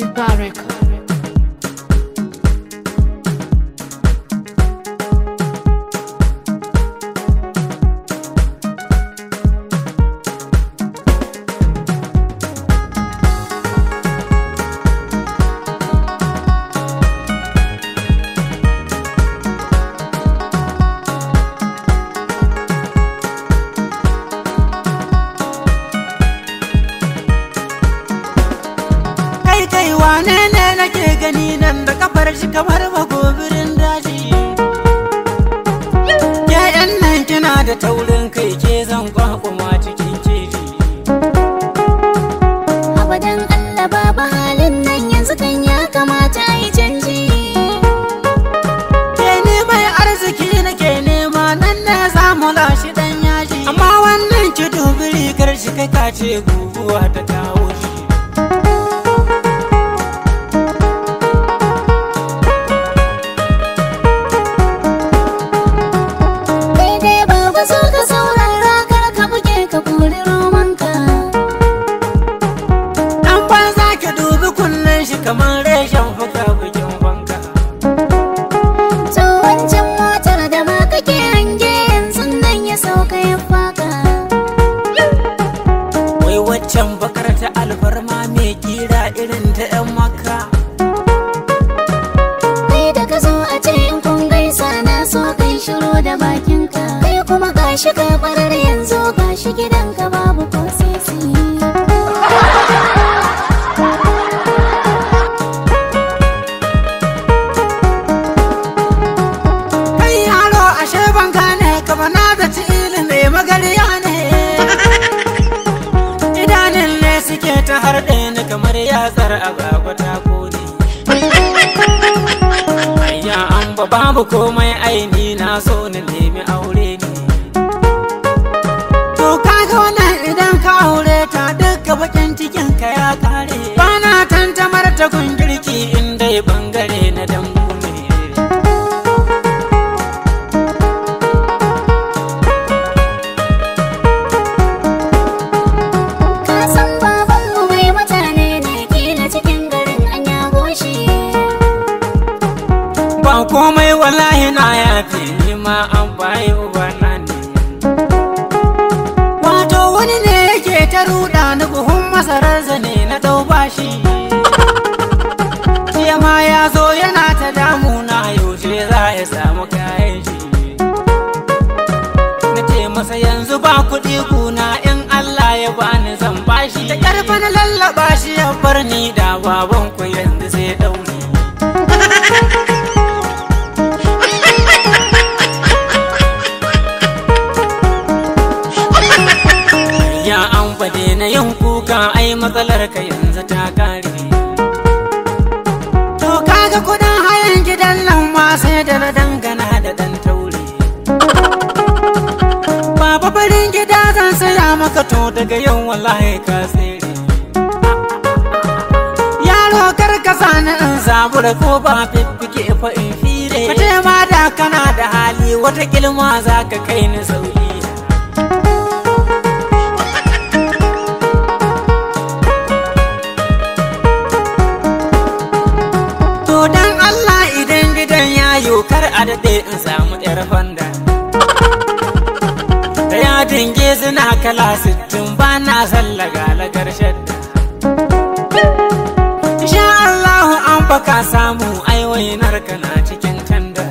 Mubarak. gani nan da kafar shi kamar magobirin daji Ya'yan nan kina da taurin kai ke zan kwakuma cikin keji Abadan Allah baba halin nan yanzu kan ya kamata a yi canji Ke ne mai arziki nake nema nan ne za mu lashi dan yaji Amma wannan ki dubi rigar kai ka ce guguwa ta kawo shiga barar yanzu ga shi gidanka babu ko sisi kai yaro ashe ban gane ka na da ci ilimi magariya ne idanun ne suke ta harɗe ni kamar yatsar a bakwata kone ayya an ba babu komai aini na so ni ne ta girki in dai bangare na dambu ne kasan mutane ne cikin garin an yago shi ba komai wallahi na yafi ni ma an uba na ne wato wani ne yake ta ruda na buhun masarar zane na shi. masa yanzu ba kuɗi kuna in Allah ya bani zan bashi ta ƙarfa na lallaba shi ya bar ni da baban ku yanzu sai ɗauni. Ya an fade na yin kuka ai matsalar ka yanzu ta kare. To kaga kuɗin hayan gidan maka to daga yau wallahi ka tsere yaro kar ka sani in zabura ko ba fiffike fa in fire ka ma da kana da hali wata kilma za ka kai ni sauki to dan Allah idan gidan yayo kar a daɗe in samu 'yar fanda zina kala sittin ba na sallaga la karshen Insha Allahu an baka samu ai wainar kana cikin tanda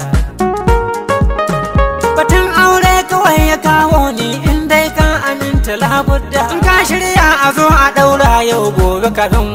Batun aure kawai ya kawo ni in dai kan aminta labudda in ka shirya a zo a daura yau gobe kafin